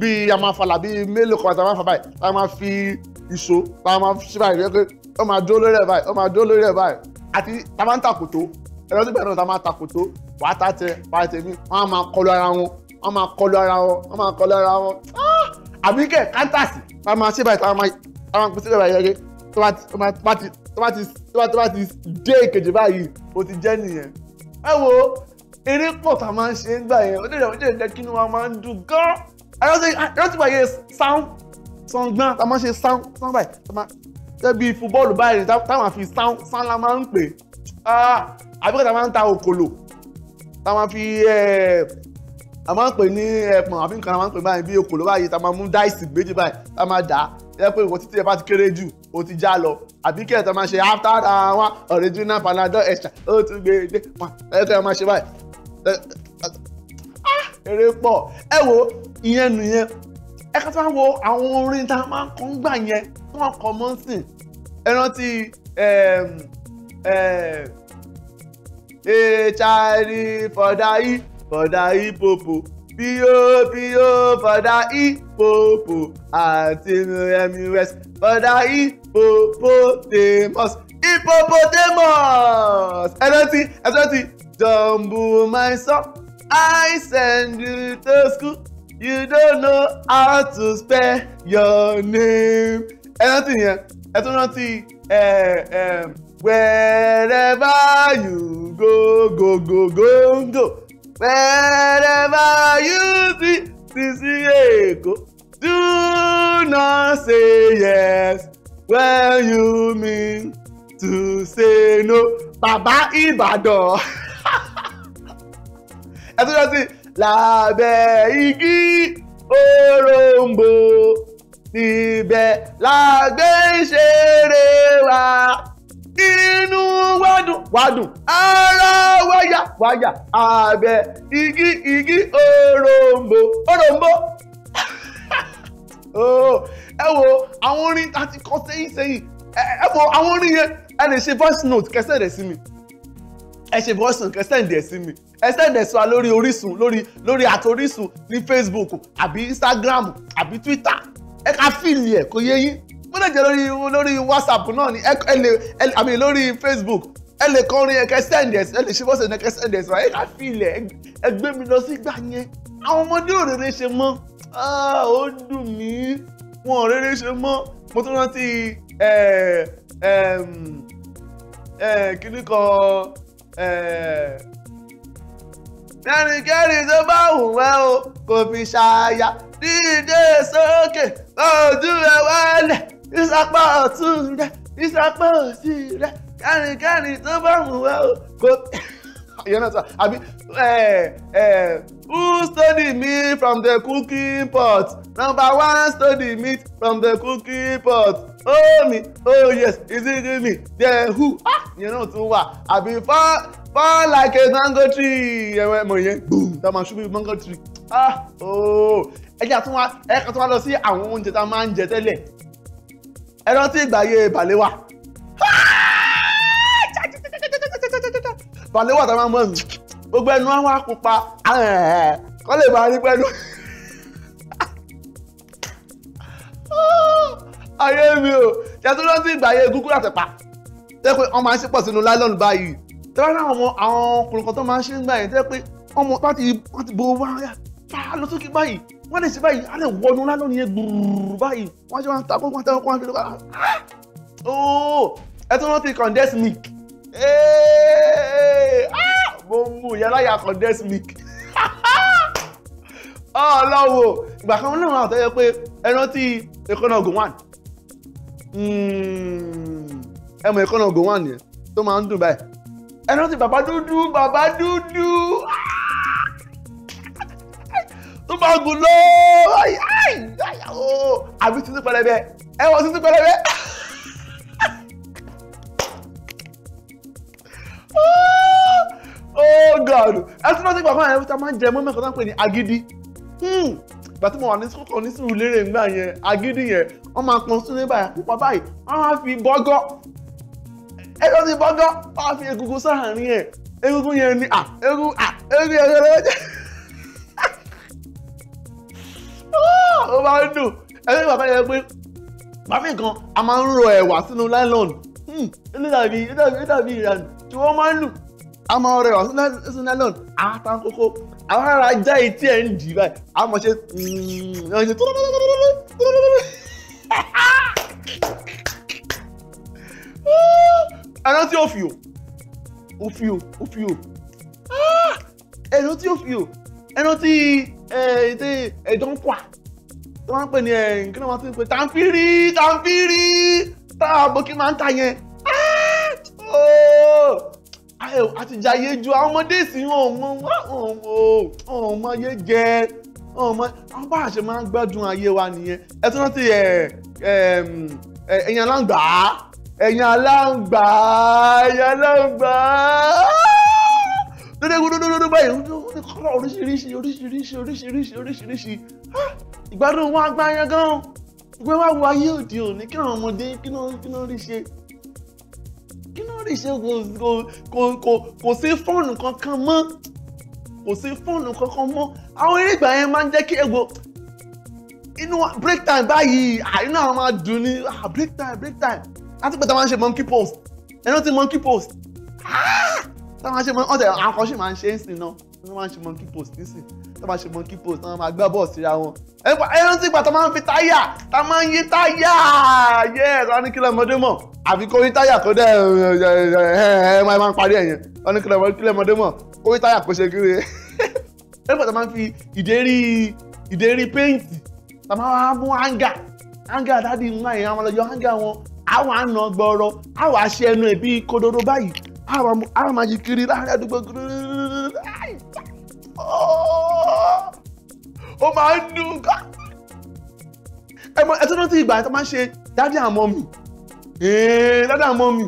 bíi a máa falà bíi mélòó kan tá a máa fa báyìí tá a fi ìṣó tá a máa ṣe báyìí rẹ pé ó máa dúró lórí ẹ̀ báyìí ó máa dúró lórí ẹ̀ báyìí àti tá a máa ń takòtó ẹ̀rọ tó gbẹ̀rẹ̀ náà tá a máa takòtó wàá tá tẹ wàá tẹ̀mí wọ́n á máa kọlu ara wọn wọ́n máa kọlu ara wọn wọ́n máa kọlu ara wọn àbí kẹ̀ kántàsì tá a máa ṣe báyìí tá a àwọn àpò sílẹ̀ báyìí yẹn tó bá ti tó bá ti tó bá ti dé ìkejì báyìí o ti jẹ́ nìyẹn. ẹ wo eré pọ̀ tá a máa ń ṣe nígbà yẹn ó dèrè ọjọ́ ìjẹ́ kínú wa máa ń dùn gan-an. ẹ̀rọ ìgbà yẹn sound sound gan tá a máa ń ṣe sound sound báyìí tá a fúbọ́ọ̀lù báyìí táwọn àfi sound sound la máa ń pè ah, àbíkọ́ tá a máa ń ta òkòlò tá a máa fi eh, a máa ń pè ní ẹ̀pọ̀n àbí nǹkan a máa ń pè báyìí bí òkòlò báyìí tá a máa mú dáìsì méjì báyìí tá a máa dà ẹ pé ìwọ títí ẹ bá ti kéré jù ó ti já lọ àbí kí ẹ tó máa ṣe after that one original panadol extra ó tún gbé e dé wọn ẹ kẹ́ máa ṣe báyìí ah, eré pọ̀ ẹ wo ìyẹn nìyẹn ẹ ká tó máa wo àwọn orin tá a máa kọ́ ń gbà yẹn tí wọ́n kọ́ mọ́ sìn ẹ rántí HIV fọ̀dà yìí fọ̀dà yìí popo. P.O. P.O. for the hippopo antinomius for the hippopotamus hippopotamus ẹ rántí ẹ rántí jumbo my son I send you to school you don't know how to spell your name ẹ rántí yẹn ẹ tún rántí ẹ ẹ wherever you go go go go go. go wherever you see sisi Èkó do not say yes when you mean to say no bàbá Ìbàdàn ẹ tún yọ sí lábẹ́ igi òrom̀bó síbẹ̀ la gbé ṣeré wa inú wádùn wádùn ara waya waya abẹ igi igi orombo òròǹbó oh, ẹ wo àwọn orin àti kọ sẹ́yìn sẹ́yìn ẹ wo àwọn orin yẹn ẹ lè ṣe voice note kẹsẹ̀ rẹ̀ sí mi ẹ ṣe voice note kẹsẹ̀ ǹdẹ̀ sí mi ẹ sẹ́ǹdẹ̀ sí wa lórí Orísun lórí lórí àtOrísun ní Facebook àbí Instagram àbí Twitter ẹ ká fìlì ẹ kó yé yín bó lè jẹ́ lórí lórí whatsapp náà ni ẹ lè àmì lórí facebook ẹ lè kọ orin ẹkẹ send ẹ lè ṣe bọ́sẹ̀ ẹkẹ send ẹs ẹ ká fi ilẹ̀ ẹgbẹ́ mi lọ sí gbà yẹn àwọn ọmọdé ò rere ṣe mọ́ ah, ó dùn mí wọn ò rere ṣe mọ́ mo tún rántí kíní kan ẹnikẹ́ni tó bá wù wẹ́ o kò fi ṣàyà dídé sókè ojú ẹ wálẹ̀ ìsapá ọ̀tún rẹ ìsapá òsì rẹ kárìnkárìn tó bá mú wá o kò yẹn náà sọ àbí who study me from the cooking pot number one study me from the cooking pot oh me oh yes is it me then who ah, yẹn náà tún wà àbí fall fall like a mango tree ẹ̀wẹ̀ mọ̀ yẹn boom tá a máa ṣubú bí mango tree ah ooo oh. ẹ̀jẹ̀ àtúnwá ẹ̀ka tó wá lọ sí àwọn oúnjẹ tá a máa ń jẹ tẹ́lẹ̀ ẹ rántí ìgbà ayé bàléwà bàléwà tó máa mọ̀ ní gbogbo ẹnu àwọn akópa kọ́ lè máa rí pẹ́nu. ayé mi o ṣe tó rántí ìgbà ayé gúgúrú àtẹ̀pà tẹ́ pé wọ́n máa ń ṣe pọ̀ sínú láìlọ́nù báyìí tẹ́ bá ráwọn ọmọ àwọn ọkùnrin kan tó máa ń ṣe ń gbà yẹn tẹ́ ọmọ láti bo wáyà lọ sókè báyìí wọ́n lè ṣe báyìí á lè wọnú lánàá nìyẹn gbùrù báyìí wọ́n ṣe wọ́n ta kó wọ́n ta kó wọ́n fi lọ́kọ́ ooo oh, ẹ tún rántí condensed milk ah! mo mú yàrá ya condensed milk ah, ọlọ́wọ́ ìgbà kan náà wọ́n àtẹ́yẹ pé ẹ rántí ekona ogun one ẹ mọ ekona ogun one yẹn tó máa ń dùn báyìí ẹ rántí bàbá dúdú bàbá dúdú. Ah! tó máa gùn lọ àbí títí pẹlẹbẹ ẹ wọ títí pẹlẹbẹ. oh god ẹ tún lọ́sí ìgbà kan àyẹ̀wò tá a máa ń jẹ mọ́mọ́ ẹ̀kọ́ tá a ń pè ní agídí hmm. ìgbà mo wà ní sọ́kọ̀ ní sùúrù lérè ńgbà yẹn agídí yẹn wọ́n máa pọn sún ní báyìí pupa báyìí wọ́n máa fi bọ́gọ́ ẹjọ́ ti bọ́gọ́ wọ́n á fi egungun sáàárín ẹ̀ egungun yẹn ni à egungun à egungun yẹn lọ́jọ́. Ah, ó máa ń dùn ẹgbẹ́ bàbá yẹn pé bàbá nǹkan a máa ń rọ ẹ̀wà sínú nylon hmm, nídàbí nídàbí ìrànù tí wọ́n máa ń lù a máa rọ ẹ̀wà sínú nylon ata kókó àwọn ará já etí ẹ̀ ń dì í báyìí a máa ṣe ẹ̀rọ tí ó fi o ó fi o ó fi o ẹ̀rọ tí ó fi o ẹrántí ẹjọ ń kwà wọ́n ń pè ní kí ni wọ́n ti ń pè tàǹfìrí tàǹfìrí tá a bókí máa ń ta yẹn àtijọ́ ju àwọn ọmọdé sí wọn ò mọ wọn ò mọ yé jẹ wọn ò mọ àwọn bá àṣẹ máa ń gbádùn ayé wa nìyẹn ẹ tún rántí ẹ̀yìn aláǹgbá ẹ̀yìn aláǹgbá ẹ̀yìn aláǹgbá dédé gbódódódó báyìí ó ní kọ́lọ̀ oríṣiríṣi oríṣiríṣi oríṣiríṣi oríṣiríṣi ìgbádùn wọn agbáyan gan ìgbé wá wo ayé òde òní kí àwọn ọmọdé kí náà rí ṣe kí náà rí ṣe kò sí fóònù kankan mọ́ kò sí fóònù kankan mọ́ àwọn eré ìgbà yẹn máa ń jẹ́ kí ẹ̀gbọ́ inú break time báyìí àìní àwọn máa dùn ní break time break time láti pẹ̀tà máa ń ṣe monkey post ẹ̀rọ ti monkey post tá máa ṣe mọ ọ̀dẹ̀ àwọn kan sì máa ń ṣe é sìn náà wọ́n máa ń ṣe monkey post nísìn tá máa ṣe monkey post náà máa gbá bọ́ọ̀ síra wọn. ẹnpa ẹran sígbà tá máa ń fi táyà tá máa ń yí táyà yẹ ẹ̀rọ ní kílẹ̀ ọmọdé mọ̀ àfi kó yí táyà kó dẹ̀ ẹ máa parí ẹ̀yẹn wọ́n ní kílẹ̀ ọmọdé mọ̀ kó yí táyà kó ṣe kiri. ẹnpa tá máa ń fi ìdérí ìdérí péǹtì tá máa mú áńgà áńgà dáàdi ńlá yẹn àwọn ọlọ́yọ̀ áńgà wọn àwọn àna gbọ́rọ̀ àwọn àṣẹ ẹnu ẹ̀ bíi kododo a máa yí kiri láàrin àdúgbò ó máa ń dùn ká ẹ mọ ẹ tó rántí ìgbà tó máa ń ṣe dádì and mọ́mì dádì and mọ́mì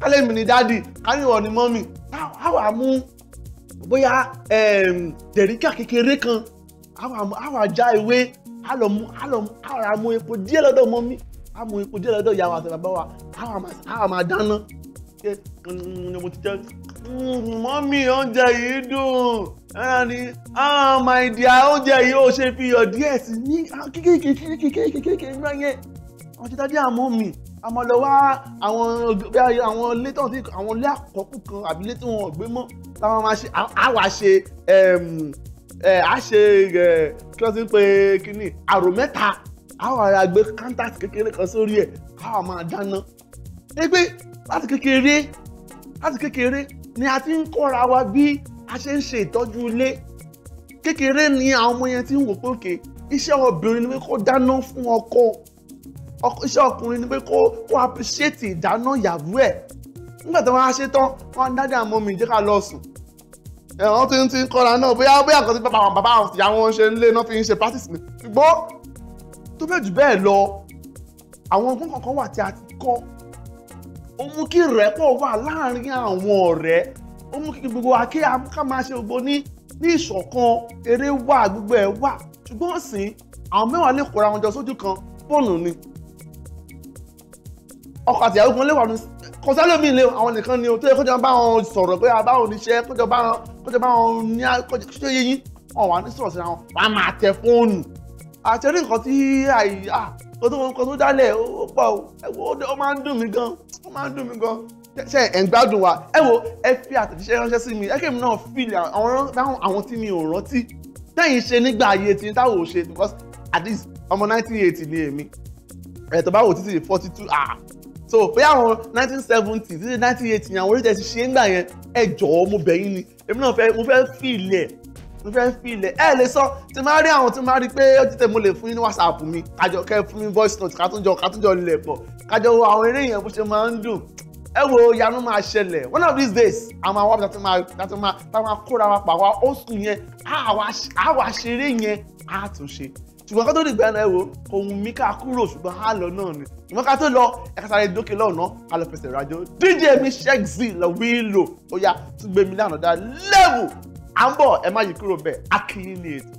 kálẹ̀ mi ni dádì káríwọ̀ ni mọ́mì àwa mú bóyá dẹ̀ríkà kékeré kan àwa já ewé àlọ́ mú epo díẹ̀ lọ́dọ̀ mọ́mì àmú epo díẹ̀ lọ́dọ̀ ìyá wa àti bàbá wa àwa máa dáná jẹ mo ti jẹ mọ́mí oúnjẹ yìí dùn ẹ̀rọ ni ah, my dear oúnjẹ yìí ò ṣe fi iyọ̀ díẹ̀ sí ní ah, kékèké nígbà yẹn àwọn ti dájú àmọ́ mi àmọ́ lọ wá àwọn àwọn ilé tó ti àwọn ilé àkọ́kù kan àbí ilé tí wọn ò gbé mọ́ táwọn máa ṣe àwa ṣe a ṣe kí wọ́n ti ń pe kínní àrò mẹ́ta àwa àgbẹ̀ kántàtì kékeré kan sórí ẹ̀ àwa máa dáná láti kékeré láti kékeré ni a ti ń kọ́ra wa bí a ṣe ń ṣe ìtọ́jú ilé kékeré ni àwọn ọmọ yẹn ti ń wò pé òkè iṣẹ́ obìnrin ni pé kó dáná fún ọkọ iṣẹ́ ọkùnrin ni pé kó kó appreciate ìdáná ìyàwó ẹ̀ nígbà tí wọ́n á ṣe tán wọ́n á dáadáa àmọ́ mi jẹ́ ká lọ sùn ẹ̀wọ̀n tí ń ti ń kọ́ra náà bóyá bóyá àkọsí bàbá àwọn bàbá àwọn ìyá wọn ṣe ń lé náà fi ń ṣe practice ni ṣùgbọ́n tó bẹ́ẹ̀ jù bẹ́ẹ̀ lọ àwọn nǹkan kọ̀ọ̀kan wà tí a ti kọ́ ó mú kí rẹ́pọ̀ wà láàrin àwọn ọ̀rẹ́ ó mú kí gbogbo wa kí a máa ṣe gbogbo ní ní ìṣọ̀kan eré wà gbogbo ẹ̀ wà ṣùgbọ́n sìn àwọn mẹ́wàá lè kóra wọn jọ sójú kan fóònù ni ọkọ àtìyàwó kan lè wà ní kọsálẹ̀ mi lè àwọn nìkan ni o tó yẹ kọjá bá wọn sọ̀rọ̀ pé àbá wọn níṣẹ́ kọjá bá wọn kọjá bá wọn ní kọjá ṣé yẹ yín wọn wà ní sọ̀rọ̀ sí wọn wàá máa tẹ fóònù àtẹrí nǹkan tí àyè kó tó kó tó dálẹ̀ ó pọ̀ ó ó máa ń dùn mí gan ó máa ń dùn mí gan ṣe ẹ̀ ń gbádùn wa ẹ wo ẹ fi àtẹ̀jíṣẹ́ ránṣẹ́ sí mi ẹ̀kẹ́ mi náà fìlì àwọn tí mi ò rántí tẹ́yìn ṣe nígbà ayé tí táwọn ò ṣe because at least ọmọ nineteen eighty ni èmi ẹ̀tọ́ bá wò títí forty two ah so bóyá àwọn nineteen seventy títí nineteen eighty ni àwọn oríṣiríṣi ṣe ń gbà yẹn ẹ jọ̀ọ́ mo bẹ̀ yín ni èmi náà fẹ́ mo fẹ́ fìlì ẹ̀ mo fẹ́ fi ilẹ̀ ẹ lè sọ tí máa rí àwọn tí máa rí pé ó ti tẹ̀ mo lè fún yín ní whatsapp mi kájọ kẹ́ fún mi voice note kátúnjọ kátúnjọ lè pọ̀ kájọ wo àwọn eré yẹn bó ṣe máa ń dùn ẹ wo yanu máa ṣẹlẹ̀ one of these days àwọn àwọn àbúrò tàbí máa tàbí máa kóra wa pàwọ́ ó sùn yẹn àwa ṣeré yẹn á tún ṣe ṣùgbọ́n ká tó dìgbà náà ẹ wo ohun mi ká kúrò ṣùgbọ́n á lọ náà ni ìmọ̀ ká tó lọ ẹ̀ka sáré dókè lọ́nà ká lọ fẹsẹ̀ rájọ DJ mi ṣẹ́gzì lọ wí lò ó yá tún gbé mi lánàá dá level à ń bọ̀ ẹ má yí kúrò bẹ́ẹ̀ akínyìn ní ètò.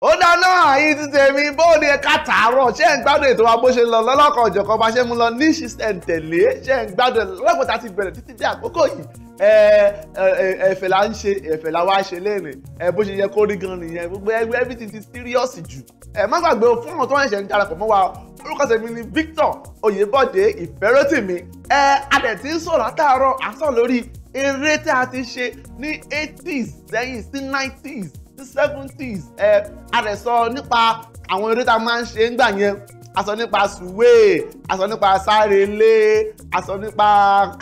ó dáná àyín ti tèmi bóun ni ẹ̀ka tààrọ̀ ṣé ń gbádùn ètò wa bó ṣe lọ lọ́lọ́kan ọ̀jọ̀kan bá ṣe mú lọ ní ṣísẹ̀ntẹ̀lé ṣé ń gbádùn lọ́pọ̀ tá ti bẹ̀rẹ̀ títí dé àkókò yìí ẹ̀fẹ̀ la ń ṣe ẹ̀fẹ̀ la wá ṣe lẹ́rìn ẹ̀ bó ṣe yẹ kó rí gan nìyẹn gbogbo ẹgbẹ́ everything ti serious jù ẹ̀ má gbàgbé o fún àwọn tó ẹ̀ṣẹ̀ ń darapọ̀ mọ́ wa orúkọ tèmi ni Victor Oyèbọ̀dé Ìfẹ́rótìmí ẹ̀ adẹ̀tí ń sọ̀rọ̀ látàárọ̀ àsọ̀ lórí eré tí a ti ṣe ní eighties sẹ́yìn sí nineties sí seventies ẹ a rẹ̀ sọ nípa àwọn eré tá a máa ń ṣe ńgbà yẹn a sọ nípa sùwé a sọ nípa sárelé a sọ nípa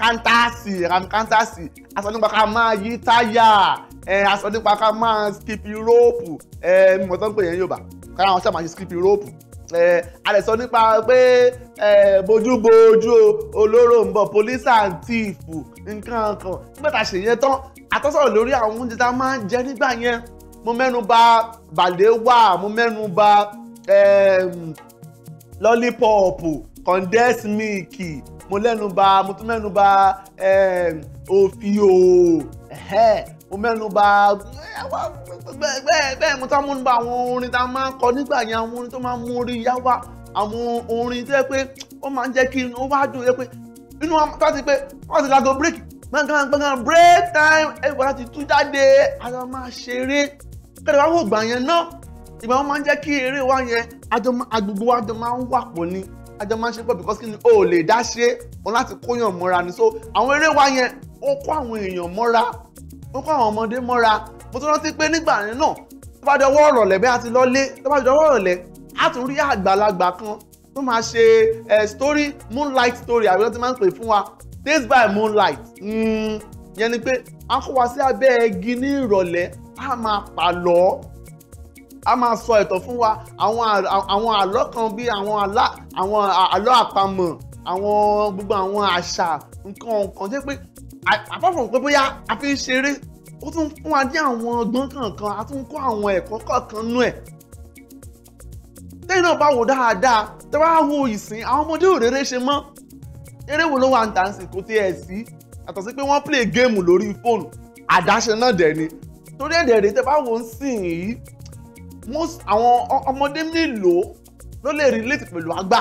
kántàsì ram kántàsì a sọ nípa ká máa yí táyà ẹ a sọ nípa ká máa skipi róòpù ẹ mọ̀tọ́ ń pè yẹn Yorùbá kára àwọn sábà máa ṣe skipi róòpù Eh, a lè sọ nípa pé eh, bojúbojú olóró ń bọ̀ police and thief nǹkan kan nígbà tá a ṣe yẹn tán àtọ́sọ̀rọ̀ lórí àwọn oúnjẹ tá a máa ń jẹ nígbà yẹn mo mẹ́nu bà bàléwà mo mẹ́nu bà ehm, lọ́lípọ̀pù condensed milk mo lẹ́nu bà mo tún mẹ́nu bà òfìò ehm, mo mẹ́nuba bẹ́ẹ̀ mo tá mẹ́nuba àwọn orin tá a máa ń kọ nígbà yẹn àwọn orin tó máa ń mú orí yá wá àwọn orin tó yẹ pé ó máa ń jẹ́ kí inú wá dùn yẹ pé inú wa tó ti pé wọ́n ti lago break gbọ̀ngàn gbọ̀ngàn break time everybody láti tú jáde àjọ máa ṣeré kẹ́lẹ́ wá wò gbà yẹn náà ìgbà wọn máa ń jẹ́ kí eré wa yẹn agbègbè wa jọ máa ń wà pọ̀ ni ajọ máa ń ṣe pọ̀ because kí ni o ò lè dá ṣe o láti kóyàn mọ́ra ni so àwọn eré wa yẹn ó kó àwọn èèyàn mọ́ra ó kọ́ àwọn ọmọdé mọ́ra mo tún rántí pé nígbà yẹn náà tó bá dọwọ́ ọ̀rọ̀lẹ́ bẹ́ẹ̀ àti lọ́lé tó bá dọwọ́ ọ̀rọ̀lẹ́ á tún rí àgbàlagbà kan tó máa ṣe story moonlight story àbí wọ́n ti máa ń pè fún wa days by moonlight hmm. yẹn ni pé a kó wa sí abẹ́ igi ní ìrọ̀lẹ́ a máa pàlọ́ a máa sọ ìtàn fún wa àwọn àlọ́ kan bíi àwọn àlọ́ àpamọ̀ àwọn gbogbo àwọn àṣà nǹkan kan jẹ́ pé apart from pé bóyá a fi ń ṣeré ó tún fún wa ní àwọn ọgbọ́n kankan a tún kọ́ àwọn ẹ̀kọ́ kọ̀ọ̀kan nú ẹ̀ tẹ́yìn náà bá wò dáadáa tẹ́ bá wo ìsìn àwọn ọmọdé ò rere ṣe mọ́ eré wo ló wà ń tà ń sìn kó tí ẹ̀ sí àtọ̀ sí pé wọ́n play game lórí fóònù àdáṣe náà dẹ̀ ni torí ẹ̀dẹ̀ rèé tẹ́ bá wo ń sìn yìí most àwọn ọmọdé mélòó ló lè relate pẹ̀lú àgbà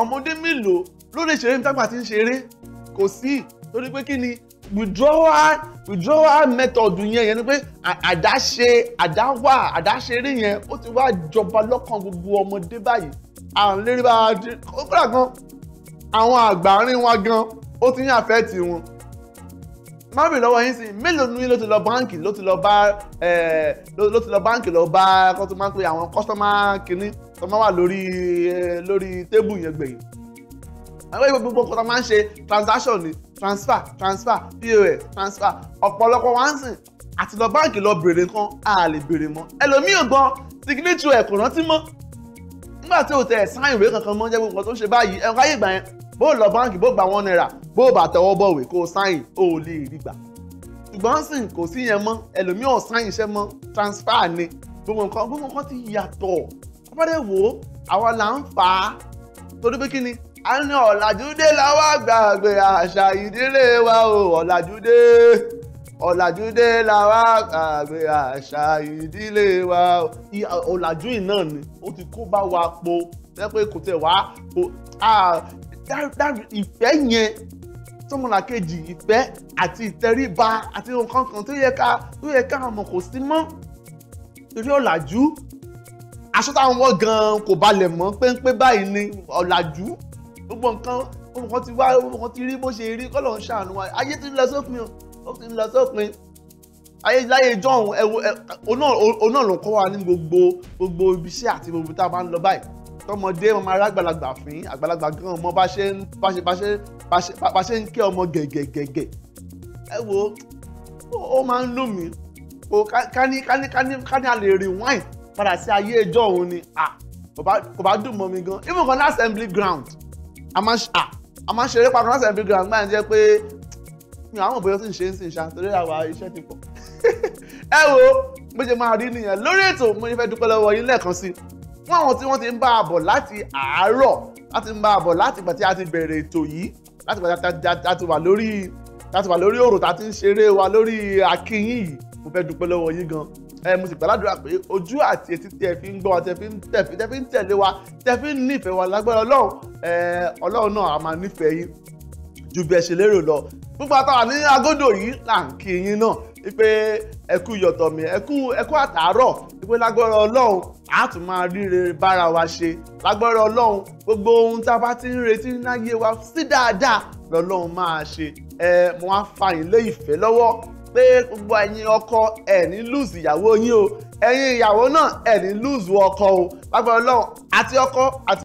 ọmọdé mélòó ló lè ṣeré nígbà tí ń ṣeré kò sí torí pé kí ni withdrawal withdrawal method yẹn yẹn ni pé àdáṣe àdáwà àdáṣeré yẹn ó ti wá jọba lọ́kàn gbogbo ọmọdé báyìí à lérí bá a dé ó kúrò gan àwọn àgbà rìn wá gan ó ti ń àfẹ́ẹ̀tì wọn má bèrè lọ́wọ́ yín sí mélòó ní ló ti lọ báǹkì ló ti lọ bá ló ti lọ báǹkì lọ bá kó tó máa ń pe àwọn kọ́sọ́mà kínní tó máa wà lórí lórí tébù yẹn gbẹ̀yìn àwọn ìwé gbogbo nǹkan máa ń ṣe transaction ni transfer transfer pos transfer ọ̀pọ̀lọpọ̀ wá ń sìn àti lọ báǹkì lọ bèrè nǹkan a lè bèrè mọ́ ẹlòmíì gan signature ẹ̀ kò rántí mọ́ nígbà tí o tẹ ẹ̀ sáyìn ìwé kankan mọ́ jẹ́ gbogbo nǹkan tó ń ṣe báyìí ẹ̀rọ ayé ìgbà yẹn bó lọ báǹkì bó gba one naira bó bá tẹwọ́ bọ̀wé kó sáyìn ó lè rí gbà ṣùgbọ́n sìn kò sí yẹn mọ́ ẹlòmíì ò iṣẹ́ mọ́ transfer ni gbogbo nǹkan gbogbo nǹkan ti yàtọ̀ abádẹ́ wo àwa là ń fà á torí pé kí ni àní ọ̀làjúdé làwọn àgbààgbè àṣà ìdílé wa o ọ̀làjúdé ọ̀làjúdé làwọn àgbààgbè àṣà ìdílé wa o ọ̀làjú iná ni ó ti kó bá wa po jẹ́ pé kò tẹ̀ wá po ìfẹ́ yẹn sọmọlà kejì ìfẹ́ àti ìtẹríba àti nǹkan kan tó yẹ ká tó yẹ ká mọ̀ kò sí mọ́ torí ọ̀làjú aṣọ táwọn wọ̀ gan-an kò balẹ̀ mọ́ péńpé báyìí ni ọ̀làjú gbogbo nǹkan gbogbo nǹkan ti wá gbogbo nǹkan ti rí bó ṣe rí kọ́lọ̀ ń ṣàánú wa ayé ti lọ sópin ó ti lọ sópin ayé láyé john ẹwọ ọ̀nà ló kọ́ wa ní gbogbo gbogbo ibiṣẹ́ àti gbogbo tá a máa ń lọ báyìí tọmọdé ọmọ ará àgbàlagbà fín àgbàlagbà gan ọmọ bá ṣe ń bá ṣe bá ṣe bá ṣe ń kẹ́ ọmọ gẹ̀gẹ̀gẹ̀gẹ̀ ẹ wo ó máa ń lù mí o kání kání kání kání a lè rewind padà sí ayé ẹjọ́ òun ni kò bá dùn mọ́ mi gan even kan ní assembly ground a máa ṣeré papọ̀ láti ẹ̀bí grand máa jẹ́ pé mi àwọn òbí ọtí ń ṣe ń sìn ṣá torí àwa iṣẹ́ ti pọ̀ ẹ wo bó ṣe máa rí nìyẹn lórí ètò mo fẹ́ dúpẹ́ lọ́wọ́ yín lẹ́ẹ̀kan sí fún àwọn tí wọ́n ti ń bá a bọ̀ láti àárọ̀ láti ń bá a bọ̀ láti ìgbà tí a ti bẹ̀rẹ̀ ètò yìí láti ìgbà tí a ti wà lórí láti wà lórí ọ̀rọ̀ tá a ti ń ṣeré wa lórí akínyìn yìí mo fẹ́ dúpẹ́ lọ́wọ́ yín gan ẹ mo sì gbàládùra pé ojú àti etí tẹ fi ń gbọ́ wa tẹ fi ń tẹ̀fí tẹ fi ń tẹ̀lé wa tẹ fi ń nífẹ̀ẹ́ wa lágbára ọlọ́run ẹ ọlọ́run náà a máa nífẹ̀ẹ́ yín ju bí ẹ ṣe lérò lọ púpọ̀ àtàwà ní agódò yìí là ń kí yín náà wípé ẹkú yọ̀tọ̀ mi ẹkú ẹkú àtàárọ̀ wípé lágbára ọlọ́run á tún máa ríre bára wa ṣe lágbára ọlọ́run gbogbo ohun tá a bá ti ń retí náyé wa sí dáadáa lọ́lọ́run máa ṣe ẹ mo wá fa ìlé ìfẹ́ lọ́wọ́ pé gbogbo ẹ̀yin ọkọ ẹ̀ ní lùzù ìyàwó yín o ẹ̀yin ìyàwó náà ẹ̀ ní lùzù ọkọ o lágbára ọlọ́run àti ọkọ àti